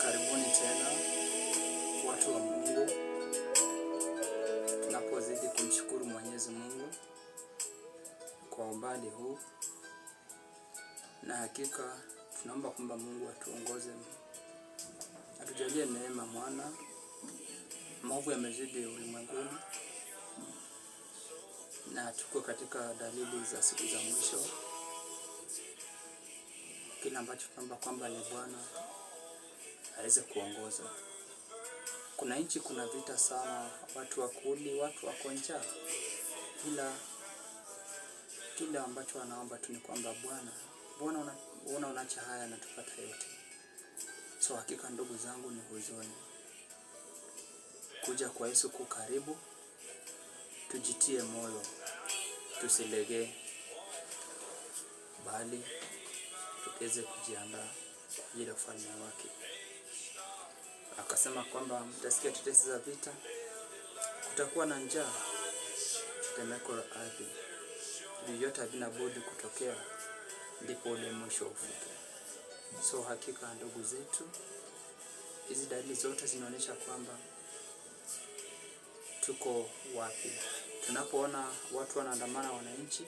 Karibuni tena watu wa Mungu, tunapozidi kumshukuru Mwenyezi Mungu kwa umbali huu, na hakika tunaomba kwamba Mungu atuongoze, atujalie neema. Mwana maovu yamezidi ulimwenguni na tuko katika dalili za siku za mwisho kile ambacho tunaomba kwamba ni Bwana aweze kuongoza. Kuna nchi, kuna vita sana, watu wakuli, watu wako njaa, ila kile ambacho wanaomba tu ni kwamba Bwana, Bwana una unaacha haya na tupata yote. So hakika ndugu zangu, ni huzuni kuja kwa Yesu karibu tujitie moyo, tusilegee bali tuweze kujiandaa ajili ya ufalme wake. Akasema kwamba mtasikia tetesi za vita, kutakuwa na njaa, tetemeko la ardhi, vyote havina budi kutokea, ndipo ule mwisho ufike. So hakika ndugu zetu, hizi dalili zote zinaonyesha kwamba tuko wapi. Tunapoona watu wanaandamana, wananchi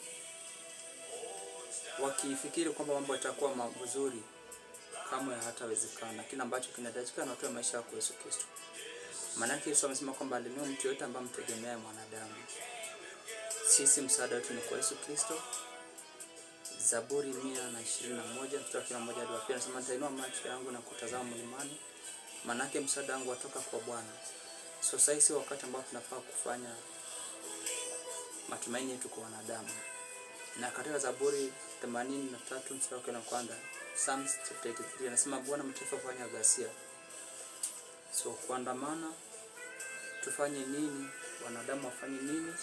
wakifikiri kwamba mambo yatakuwa mazuri, kamwe hatawezekana. Kile ambacho kinahitajika na maisha yako Yesu Kristo. Maana yake Yesu amesema kwamba alinunua mtu yote ambaye mtegemea mwanadamu. Sisi msaada wetu ni kwa Yesu Kristo. Zaburi 121 mstari wa moja hadi wa pili anasema nitainua macho yangu na kutazama mlimani, Maana yake msaada wangu watoka kwa Bwana. So sasa hivi wakati ambao tunafaa kufanya matumaini yetu kwa wanadamu, na katika Zaburi themanini na tatu mstari wake na kwanza Psalms 33 anasema Bwana mtaifa kufanya ghasia. So kuandamana, tufanye nini? Wanadamu wafanye nini?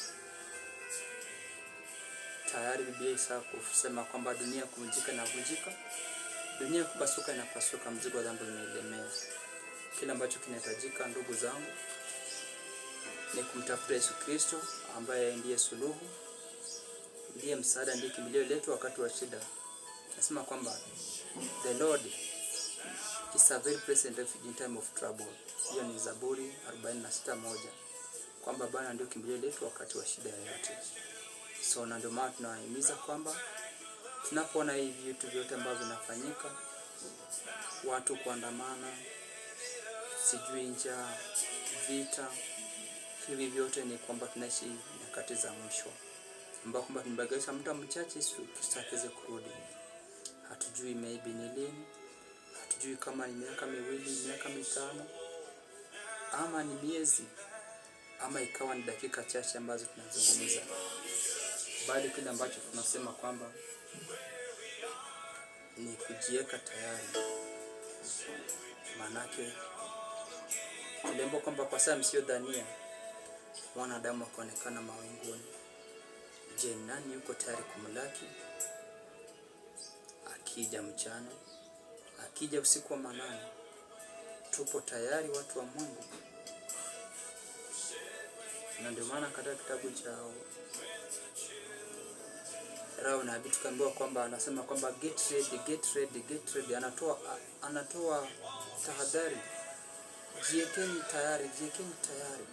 Tayari Biblia isa kusema kwamba dunia kuvunjika na vunjika, dunia kupasuka na pasuka, mzigo wa dhambi unaelemea. Kila ambacho kinahitajika, ndugu zangu, ni kumtafuta Yesu Kristo ambaye ndiye suluhu ndiye msaada, ndiye kimbilio letu wakati wa shida. Nasema kwamba the Lord is a very present help in time of trouble. Hiyo ni Zaburi 46:1, kwamba Bwana ndio kimbilio letu wakati wa shida yoyote. So na ndio maana tunawahimiza kwamba tunapoona hivi vitu vyote ambavyo vinafanyika, watu kuandamana, sijui njaa, vita, hivi vyote ni kwamba tunaishi nyakati za mwisho ambao kwamba kimebakiisha muda mchache kisa kurudi. Hatujui maybe ni lini, hatujui kama ni miaka miwili, miaka mitano ama ni miezi ama ikawa ni dakika chache ambazo tunazungumza, bali kile ambacho tunasema kwamba ni kujiweka tayari, maanake tuliambiwa kwamba kwa saa msiyodhania wanadamu wakaonekana mawinguni. Je, nani yuko tayari kumlaki? Akija mchana, akija usiku wa manane, tupo tayari watu wa Mungu. Na ndio maana katika kitabu cha Roho nabii tukaambiwa kwamba anasema kwamba get ready, get ready, get ready. Anatoa, anatoa tahadhari, jiekeni tayari, jiekeni tayari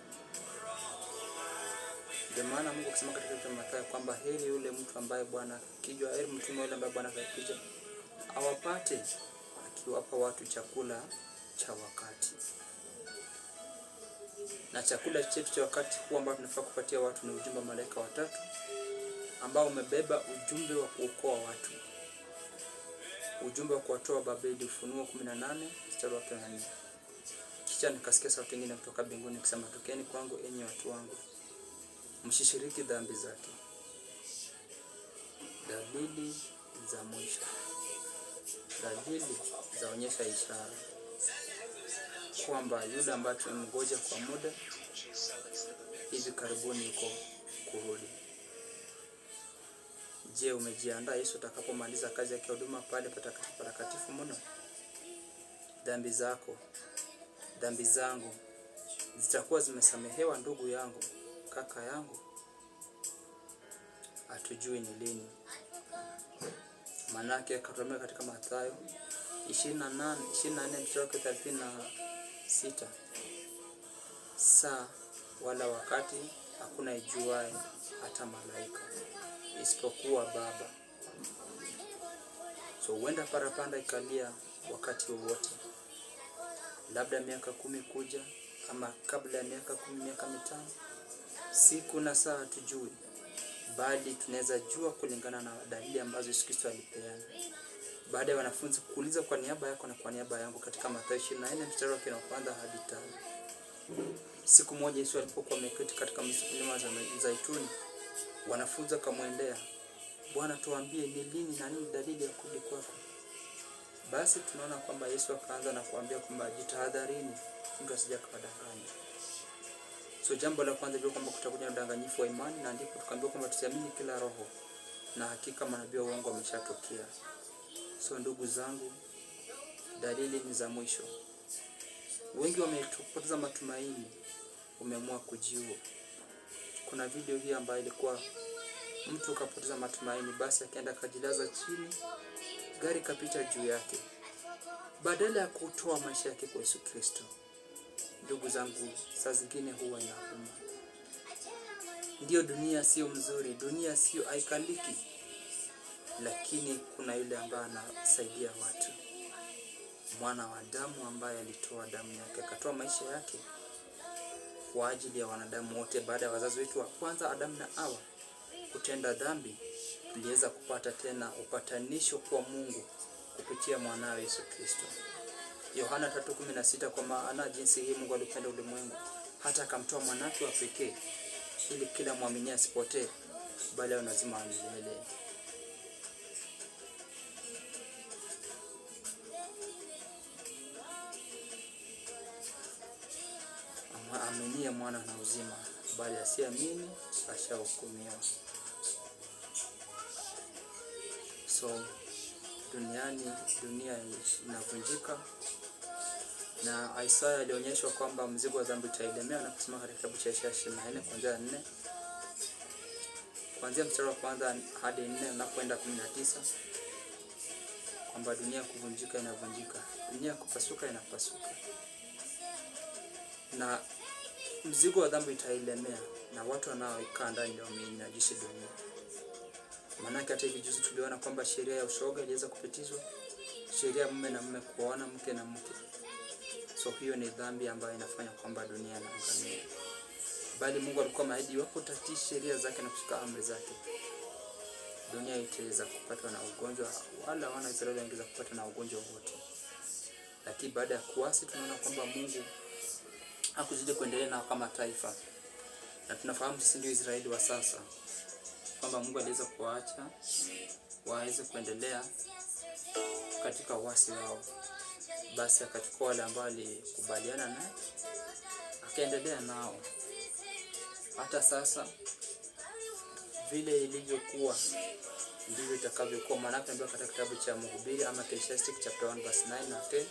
ndio maana Mungu akisema katika kitabu cha Mathayo kwamba heri yule mtu ambaye Bwana akija, heri mtumwa yule ambaye Bwana akija awapate akiwapa watu chakula cha wakati. Na chakula chetu cha wakati huwa ambao tunafaa kupatia watu ni ujumbe wa malaika watatu ambao umebeba ujumbe wa kuokoa watu, ujumbe wa kuwatoa Babeli, Ufunuo 18 mstari wa 8. Kisha nikasikia sauti nyingine kutoka mbinguni ikisema, tokeni kwangu enyi watu wangu msishiriki dhambi zake. Dalili za mwisho. Dalili zaonyesha ishara kwamba yule ambaye tumemgoja kwa muda hivi karibuni yuko kurudi. Je, umejiandaa Yesu atakapomaliza kazi yake huduma pale patakatifu mno? Dhambi zako, dhambi zangu zitakuwa zimesamehewa, ndugu yangu kaka yangu, hatujui ni lini, maanake akatuambia katika Mathayo ishirini na nane ishirini na nne mstari thelathini na sita saa wala wakati hakuna ijuaye hata malaika isipokuwa Baba. So huenda parapanda ikalia wakati wowote, labda miaka kumi kuja ama kabla ya miaka kumi, miaka mitano siku na saa tujui, bali tunaweza jua kulingana na dalili ambazo Yesu Kristo alipeana. Baada ya wanafunzi kuuliza kwa niaba yako na kwa niaba yangu, katika Mathayo 24 mstari wa kwanza hadi tano. Siku moja Yesu alipokuwa ameketi katika mlima wa Zaituni, wanafunzi wakamwendea, Bwana, tuambie ni lini na nini dalili ya kurudi kwako? Basi tunaona kwamba Yesu akaanza na kuambia kwamba jitahadharini, mtu asije akadanganywa. So jambo la kwanza ndio kwamba kutakuja udanganyifu wa imani, na ndipo tukaambiwa kwamba tusiamini kila roho, na hakika manabii wa uongo wameshatokea. So ndugu zangu, dalili ni za mwisho. Wengi wamepoteza matumaini, umeamua kujiua. Kuna video hii ambayo ilikuwa mtu kapoteza matumaini, basi akaenda kajilaza chini, gari kapita juu yake, badala ya kutoa maisha yake kwa Yesu Kristo ndugu zangu, saa zingine huwa inakuma. Ndiyo, dunia sio mzuri, dunia sio aikaliki lakini kuna yule ambaye anasaidia watu, mwana wa damu ambaye alitoa damu yake akatoa maisha yake kwa ajili ya wanadamu wote. Baada ya wazazi wetu wa kwanza Adamu na Hawa kutenda dhambi, tuliweza kupata tena upatanisho kwa Mungu kupitia mwanawe Yesu Kristo. Yohana 3:16, kwa maana jinsi hii Mungu alipenda ulimwengu hata akamtoa mwanake wa pekee ili kila mwaminia asipotee bali awe na uzima wa milele. Aminiye mwana na uzima, bali asiamini ashahukumiwa. So duniani, dunia inavunjika na Isaya alionyeshwa kwamba mzigo wa dhambi utaelemewa na kusema katika kitabu cha Isaya 24 kuanzia nne kuanzia mstari wa kwanza hadi nne unapoenda kumi na tisa kwamba dunia kuvunjika inavunjika, dunia kupasuka inapasuka, na mzigo wa dhambi itailemea, na watu wanaoikaa ndani ndio wameinajisha dunia. Maanake hata hivi juzi tuliona kwamba sheria ya ushoga iliweza kupitizwa, sheria mume na mume kuoana, mke na mke So hiyo ni dhambi ambayo inafanya kwamba dunia inaangamia, bali Mungu alikuwa ameahidi iwapo utatii sheria zake na kushika amri zake, dunia itaweza kupatwa na ugonjwa, wala wana Israeli wangeweza kupata na ugonjwa wote. Lakini baada ya kuasi, tunaona kwamba Mungu hakuzidi kuendelea nao kama taifa, na tunafahamu sisi ndio Israeli wa sasa, kwamba Mungu aliweza kuwaacha waweze kuendelea katika uasi wao. Basi akachukua wale ambao alikubaliana naye akaendelea nao. Hata sasa vile ilivyokuwa ndivyo itakavyokuwa. Maanake ambayo katika kitabu cha Mhubiri ama Ecclesiastic chapter 1 verse 9 na 10,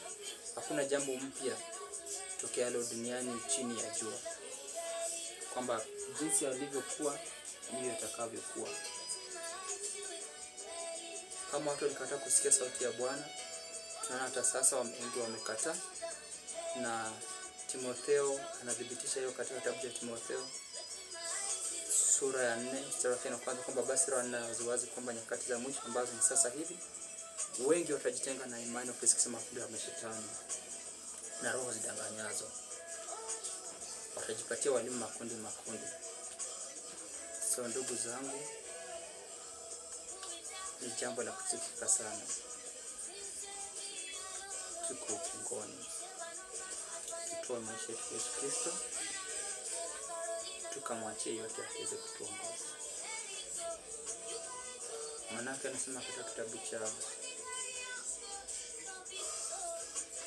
hakuna jambo mpya tokealo duniani chini ya jua, kwamba jinsi alivyokuwa ndivyo itakavyokuwa. Kama watu walikataa kusikia sauti ya Bwana Tunaona hata sasa wengi wamekata na Timotheo anadhibitisha hiyo katika kitabu cha Timotheo sura ya 4 mstari wa kwanza kwamba basi Roho anena waziwazi kwamba nyakati za mwisho ambazo ni sasa hivi wengi watajitenga na imani wakisikiliza mafundisho ya mashetani na roho zidanganyazo, watajipatia walimu makundi makundi. So ndugu zangu, ni jambo la kusikitika sana tuko ukingoni. Tutoe maisha yetu Yesu Kristo, tukamwachie yote aweze kutuongoza. Manake anasema katika kitabu cha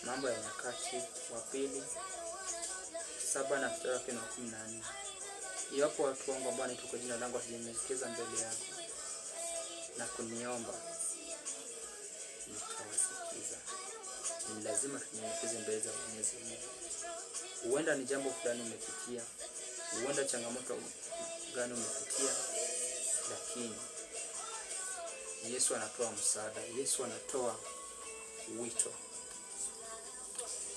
Mambo ya Nyakati wa Pili saba na mstari wake na kumi na nne iwapo watu wangu ambao wanaitwa kwa jina langu hawajanisikiliza mbele yako na kuniomba ni lazima tunyenyekeze mbele za Mwenyezi Mungu. Huenda ni jambo fulani umepitia, huenda changamoto gani umepitia, lakini Yesu anatoa msaada, Yesu anatoa wito.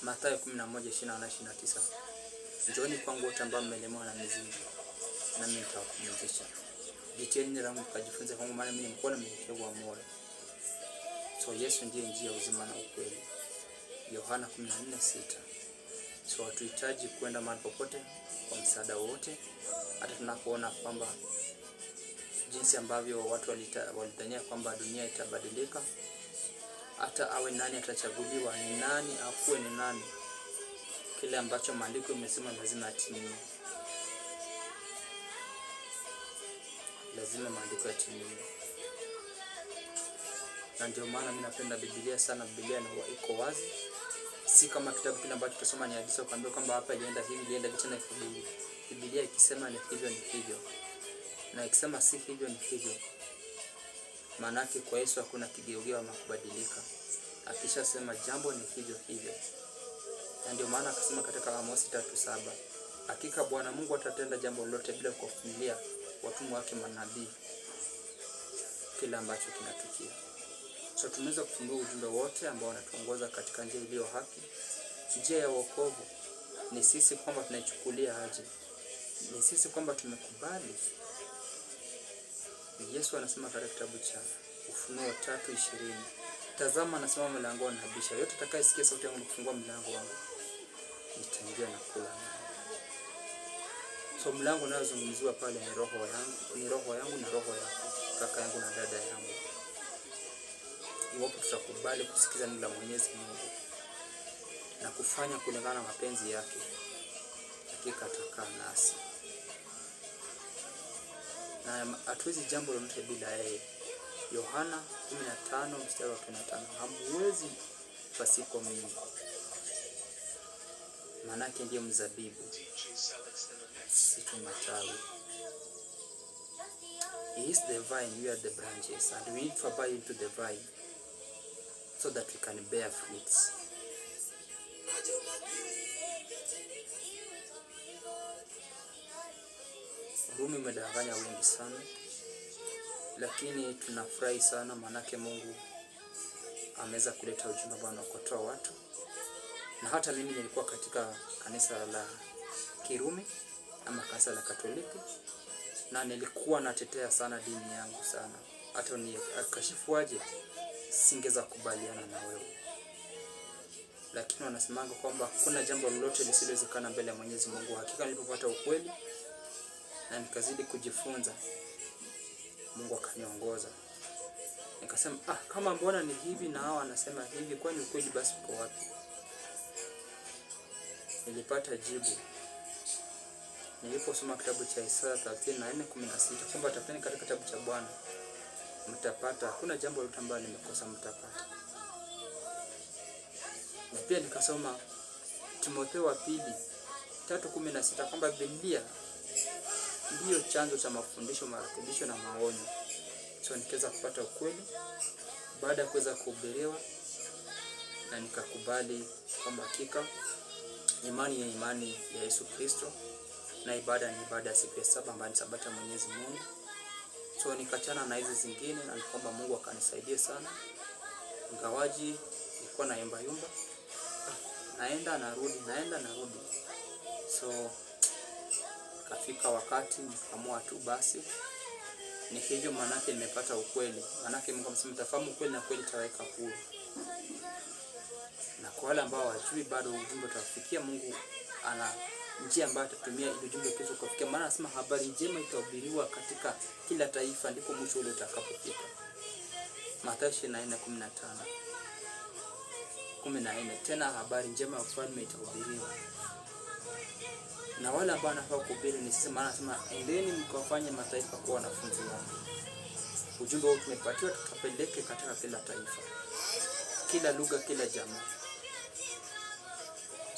Mathayo 11:28-29 Njooni kwangu wote ambao mmelemewa na mizigo, nami nitawapumzisha. Jitieni neno langu mkajifunze kwangu, maana mimi ni mpole na mnyenyekevu wa moyo. So Yesu ndiye njia, uzima na ukweli. Yohana 14:6. So hatuhitaji kwenda mahali popote kwa msaada wote hata tunapoona kwamba jinsi ambavyo watu walidhania kwamba dunia itabadilika, hata awe nani atachaguliwa, ni nani akuwe ni nani, kile ambacho maandiko imesema lazima atimie, lazima maandiko yatimie. Na ndio maana mimi napenda Biblia sana. Biblia iko wazi si kama kitabu kile ambacho tutasoma ni hadithi, ukaambia kwamba hapa ilienda hivi, ilienda vipi, na Biblia ikisema ni hivyo ni hivyo, na ikisema si hivyo ni hivyo. Maana kwa Yesu hakuna kigeugeo ama kubadilika, akishasema jambo ni hivyo hivyo, na ndio maana akasema katika Amosi tatu saba hakika Bwana Mungu atatenda jambo lolote bila kuwafunulia watumwa wake manabii kile ambacho kinatukia. So tumeweza kufundua ujumbe wote ambao wanatuongoza katika njia iliyo haki. Njia ya wokovu ni sisi kwamba tunaichukulia aje, ni sisi kwamba tumekubali. Yesu anasema katika kitabu cha Ufunuo tatu ishirini tazama, mlango na nabisha, yote atakayesikia sauti yangu kufungua mlango wangu nitaingia na kula. So mlango unayozungumziwa pale ni roho yangu, ni roho yangu na roho yako, kaka yangu na dada yangu iwapo tutakubali kusikiza neno la Mwenyezi Mungu na kufanya kulingana na mapenzi yake, hakika atakaa nasi na hatuwezi jambo lolote bila yeye. Yohana 15 mstari wa 25, hamwezi pasipo mimi, maanake ndiye mzabibu, sisi matawi. He is the vine, you are the branches, and we need to abide into the vine so that you can bear fruits. Rumi imedanganya wengi sana, lakini tunafurahi sana maanake Mungu ameweza kuleta ujumbe ambao unaokotoa watu, na hata mimi nilikuwa katika kanisa la Kirumi ama kanisa la Katoliki na nilikuwa natetea sana dini yangu sana, hata ni akashifuaje singeza kubaliana na wewe, lakini wanasemanga kwamba hakuna jambo lolote lisilowezekana mbele ya Mwenyezi Mungu. Hakika nilipopata ukweli na nikazidi kujifunza, Mungu akaniongoza nikasema, ah, kama mbona ni hivi na hao wanasema hivi, kwani ukweli basi uko wapi? Nilipata jibu niliposoma kitabu cha Isaya 34:16 kwamba tafuteni katika kitabu cha Bwana mtapata. Hakuna jambo lolote ambalo nimekosa, mtapata. Na pia nikasoma Timotheo wa pili tatu kumi na sita kwamba Biblia ndiyo chanzo cha mafundisho, marekebisho na maonyo. So nikaweza kupata ukweli baada ya kuweza kuhubiriwa, na nikakubali kwamba hakika imani ya imani ya Yesu Kristo na ibada ni ibada ya siku ya saba ambayo ni Sabato ya Mwenyezi Mungu so nikachana na hizi zingine, na nikaomba Mungu akanisaidie sana, ingawaji nilikuwa na yumba yumba, naenda narudi, naenda narudi. So kafika wakati nikaamua tu basi ni hivyo, manake nimepata ukweli, maanake Mungu amesema tafahamu ukweli na kweli itawaweka huru. Na kwa wale ambao wajui bado ujumbe utawafikia, Mungu ana njia ambayo atatumia ili ujumbe kesho kufikia. Maana anasema habari njema itahubiriwa katika kila taifa, ndipo mwisho ule utakapofika. Mathayo 24:15 14 tena habari njema ya ufalme itahubiriwa na wale ambao wanafaa kuhubiri ni sisi. Maana anasema endeni mkawafanye mataifa kuwa wanafunzi wangu. Ujumbe huu tumepatiwa tukapeleke katika kila taifa, kila lugha, kila jamaa.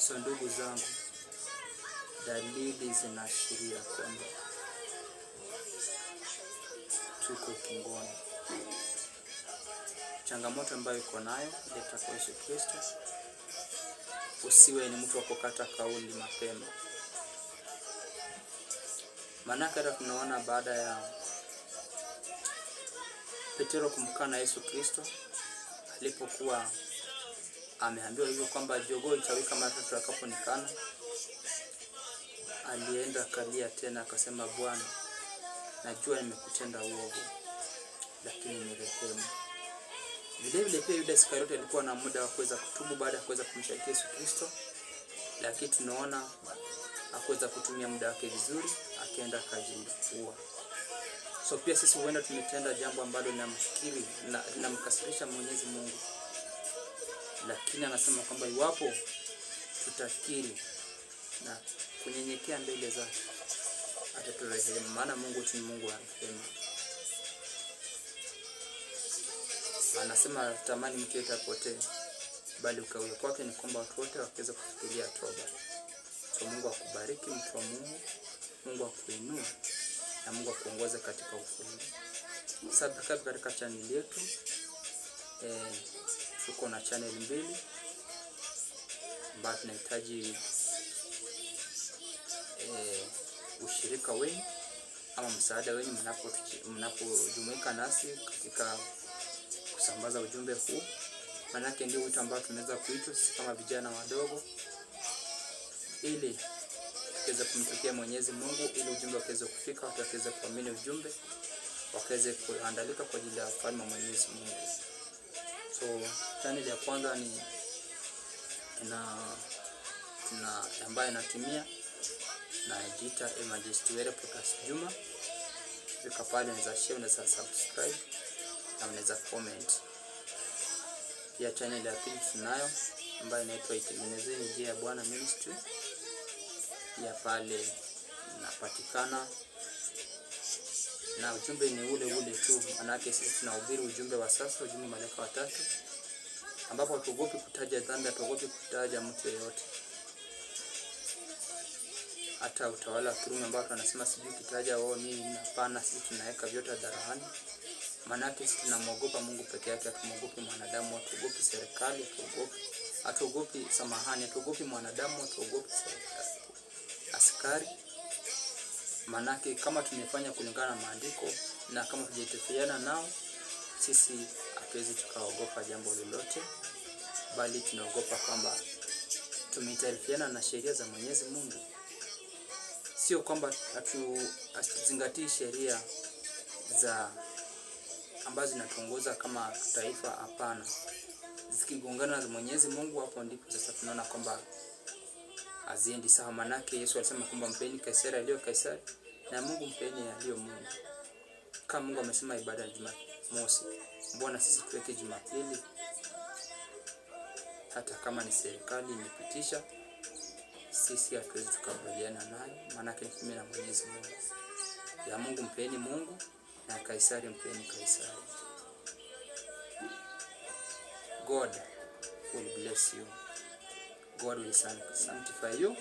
So ndugu zangu dalili zinaashiria kwamba tuko kingoni. Changamoto ambayo iko nayo leta kwa Yesu Kristo. Usiwe ni mtu wa kukata kauli mapema, maanake hata tunaona baada ya Petero kumkana Yesu Kristo alipokuwa ameambiwa hivyo kwamba jogoo itawika mara tatu akaponikana. Alienda akalia tena akasema, Bwana, najua nimekutenda uovu, lakini nirehemu. Vilevile pia Yuda Iskarioti alikuwa na muda wa kuweza kutubu baada ya kuweza kumshtaki Yesu Kristo, lakini tunaona hakuweza kutumia muda wake vizuri, akaenda akajiua. So pia sisi huenda tumetenda jambo ambalo linamshikiri linamkasirisha Mwenyezi Mungu, lakini anasema kwamba iwapo tutakiri na kunyenyekea mbele zake ataturehemu, maana Mungu tu ni Mungu wa rehema. Anasema tamani mke yeyote apotee, bali ukawia kwake ni kwamba watu wote wakiweza kufikiria toba. So Mungu akubariki mtu wa Mungu, Mungu akuinua na Mungu akuongoze katika ufundi. Subscribe katika channel yetu eh, tuko na channel mbili ambayo tunahitaji Eh, ushirika wenu ama msaada mnapo mnapojumuika nasi katika kusambaza ujumbe huu, manake ndio wito ambao tunaweza kuitwa sisi kama vijana wadogo, ili tuweze kumtukia Mwenyezi Mungu, ili ujumbe uweze kufika, watu waweze kuamini ujumbe, waweze kuandalika kwa ajili ya ufalme wa Mwenyezi Mungu. So chaneli ya kwanza ni na, na ambayo inatumia najiita Evangelist eh, Were Potas Juma. Fika pale, unaweza share, unaweza subscribe na unaweza comment pia. Channel ya pili tunayo ambayo inaitwa Itengenezeni Njia ya Bwana Ministry, pia pale inapatikana na ujumbe ni ule ule tu, manake sisi tunahubiri ujumbe wa sasa, ujumbe malaika watatu, ambapo hatuogopi kutaja dhambi, hatuogopi kutaja mtu yeyote hata utawala wa Kirumi ambao tunasema sijui kitaja wao nini, hapana. Sisi tunaweka vyote hadharani, maanake sisi tunamwogopa Mungu peke yake, hatumwogopi mwanadamu, hatuogopi serikali, hatuogopi hatuogopi, samahani, hatuogopi mwanadamu, hatuogopi askari, maanake kama tumefanya kulingana na maandiko na kama tujiteteana nao, sisi hatuwezi tukaogopa jambo lolote, bali tunaogopa kwamba tumeitarifiana na sheria za Mwenyezi Mungu sio kwamba hatuzingatii sheria za ambazo zinatuongoza kama taifa, hapana. Zikigongana na Mwenyezi Mungu, hapo ndipo sasa tunaona kwamba haziendi sawa. Manake Yesu alisema kwamba mpeni Kaisari aliyo Kaisari na Mungu mpeni aliyo Mungu. Kama Mungu amesema ibada ya Jumamosi, mbona sisi tuweke Jumapili? Hata kama ni serikali imepitisha sisi hatuwezi tukakubaliana naye, maanake ni kinyume na Mwenyezi Mungu. Ya Mungu mpeni Mungu na Kaisari mpeni Kaisari. God will bless you. God will sanctify you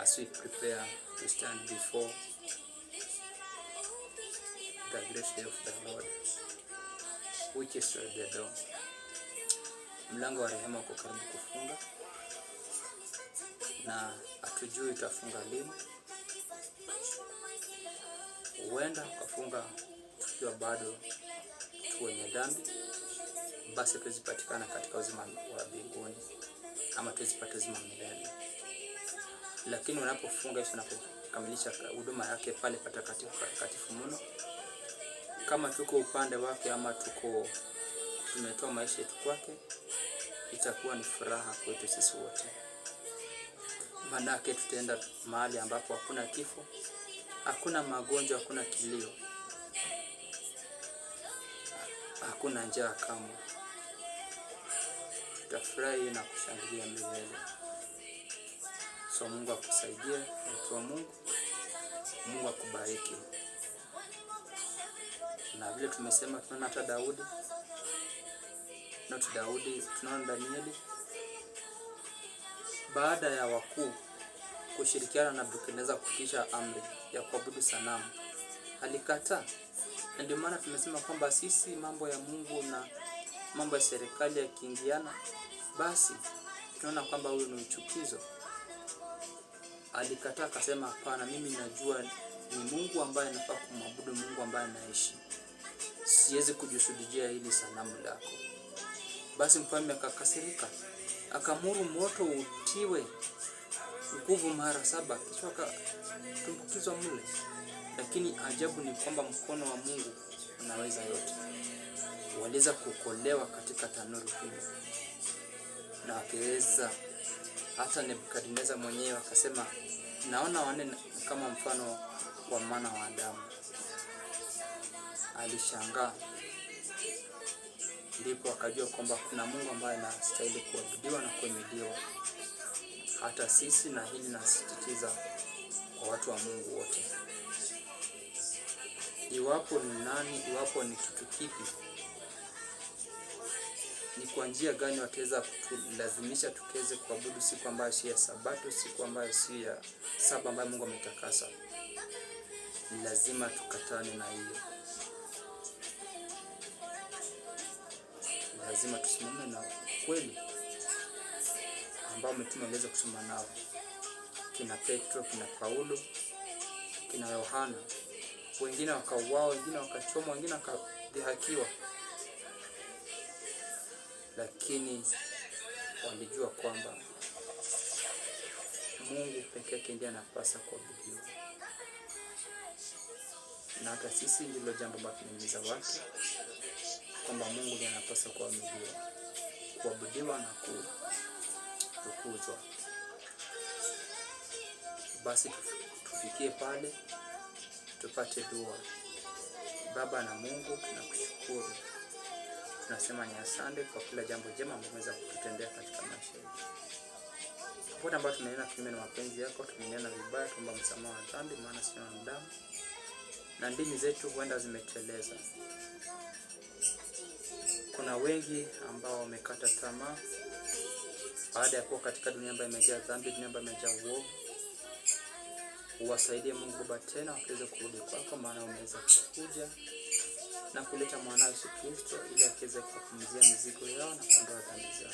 as we prepare to stand before the great day of the Lord which is at the door. Mlango wa rehema uko karibu kufunga na hatujui utafunga lini. Huenda ukafunga tukiwa bado tu wenye dhambi, basi tuzipatikana katika uzima wa mbinguni ama tuzipata uzima milele. Lakini unapofunga Yesu anapokamilisha huduma yake pale patakatifu patakatifu mno, kama tuko upande wake ama tuko tumetoa maisha yetu kwake, itakuwa ni furaha kwetu sisi wote manake tutaenda mahali ambapo hakuna kifo, hakuna magonjwa, hakuna kilio, hakuna njaa kamwe. Tutafurahi na kushangilia milele. So Mungu akusaidie, mtu wa Mungu. Mungu akubariki. Na vile tumesema, tunaona hata Daudi, not Daudi, tunaona Danieli baada ya wakuu kushirikiana na Nebukadneza kufikisha amri ya kuabudu sanamu, alikataa. Na ndio maana tumesema kwamba sisi mambo ya Mungu na mambo ya serikali yakiingiana, basi tunaona kwamba huyu ni mchukizo. Alikataa akasema, hapana, mimi najua ni Mungu ambaye nafaa kumwabudu, Mungu ambaye naishi, siwezi kujisujudishia hili sanamu lako. Basi mfalme akakasirika akamuru moto utiwe nguvu mara saba, kisha akatumbukizwa mle. Lakini ajabu ni kwamba mkono wa Mungu unaweza yote. Waliweza kuokolewa katika tanuru hilo, na wakiweza hata Nebukadneza mwenyewe akasema, naona wane kama mfano wa mwana wa Adamu. Alishangaa ndipo akajua kwamba kuna Mungu ambaye anastahili kuabudiwa na kuhimidiwa hata sisi, na hili nasisitiza kwa watu wa Mungu wote, iwapo ni nani, iwapo ni kitu kipi, ni kwa njia gani wataweza kutulazimisha tukiweze kuabudu siku ambayo si ya Sabato, siku ambayo si ya saba ambayo Mungu ametakasa. Ni lazima tukatane na hiyo. lazima tusimame na ukweli ambao mitume waliweza kusoma nao, kina Petro, kina Paulo, kina Yohana. Wengine wakauawa, wengine wakachomwa, wengine wakadhihakiwa, lakini walijua kwamba Mungu pekee yake ndiye anapasa kuabudiwa. Na hata sisi ndilo jambo ambalo tunahimiza watu kwamba Mungu ndiye anapaswa kuabudiwa, kuabudiwa na kutukuzwa. Basi tufikie pale tupate dua. Baba na Mungu, tunakushukuru tunasema ni asante kwa kila jambo jema umeweza kututendea katika maisha yetu. Popote ambayo tumenena kinyume na mapenzi yako, tumenena vibaya, tuomba msamaha wa dhambi, maana sio wanadamu na ndimi zetu huenda zimeteleza kuna wengi ambao wamekata tamaa baada ya kuwa katika dunia ambayo imejaa dhambi, dunia ambayo imejaa uovu. Uwasaidie Mungu Baba tena wakiweze kurudi kwako, maana umeweza kukuja na kuleta mwanao Yesu Kristo ili akiweze kupumzia mizigo yao na kuondoa dhambi zao.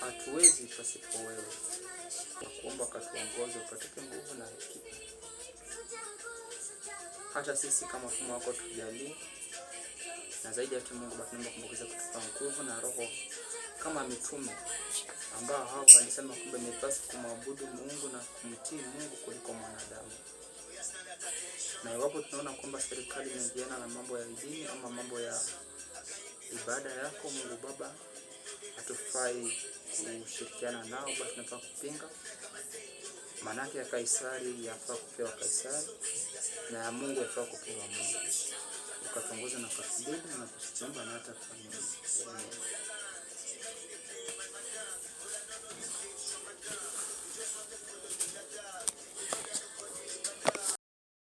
Hatuwezi pasipo wewe, kuomba katuongoze, ukatupe nguvu na hekima hata sisi kama mfumo wako tujalie, na zaidi ya Mungu basi Mungu kumbukiza kutupa nguvu na roho kama mitume ambao hao walisema kwamba basi kumwabudu Mungu na kumtii Mungu kuliko mwanadamu. Na iwapo tunaona kwamba serikali inaingiana na mambo ya dini ama mambo ya ibada yako, Mungu Baba, hatufai kushirikiana nao, basi tunafaa kupinga. Maanake ya Kaisari yafaa kupewa Kaisari na Mungu afaa kupewa Mungu, ukatongoza na ukasujudu na kuomba na hata kwa